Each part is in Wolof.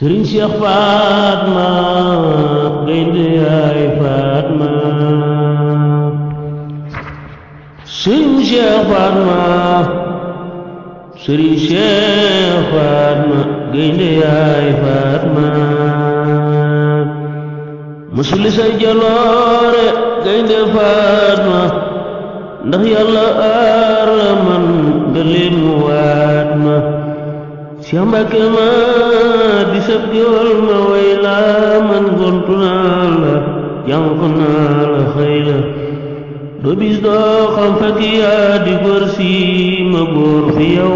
sëriñ Cheikh Fatma gaynde yaay Fatma sëriñ Cheikh Fatma sëriñ Cheikh Fatma gaynde yaay Fatma musuli say jaloore gaynde Fatma ndax yàlla Cheikh Mbacke di sab diwal ma way man gontu naa la jànku naa xam fekk yaa di góor ma góor fi yow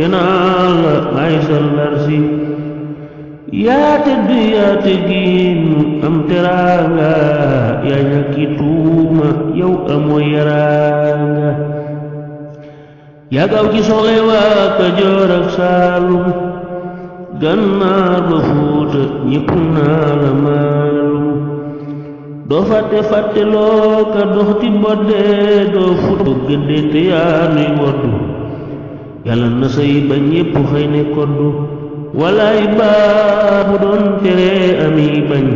te naa la ay sandar yaa tëdd yaa tëggin am teraanga yaa ñàkki tuuma yow amoo yàggaw ci soxla waa Kajoor ak Saalum Gànnaar ba Fuuta ñépp naa la maalum doo fàtte fàtte loo doo fut gëdde te yaa nuy woddu yàlla na say ba ñépp xëy ne koddu walaay baa bu doon tere ami bañ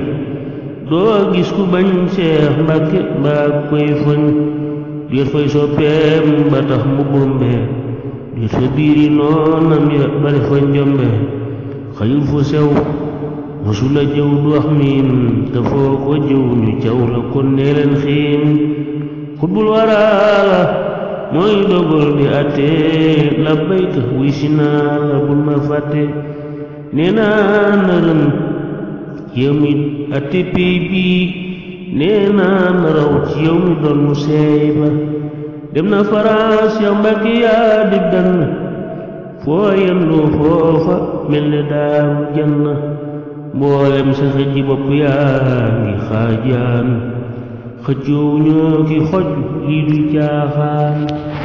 doo gis ku bañ Seex Mbàkke mbaa koy fëñ yër fay soppeem ba tax mu bombe jot fa biiri noonam ya bari fa njombe xayul fu sew musula jëw du wax miin te foo ko jëw ñu caw la kon nee leen xutbul waraala mooy dogal di atte la bayta wuy si naa la bul ma fàtte nee naa nërëm yëmit atte pey bii nee naa na raw ci yow dem na faraas ya mbàkki yaa di gann foo yendu foofa mel ne daaru jann mboolem sa xëjji bopp yaa ngi xaajaan xëccoo ñoo ki xoj lii du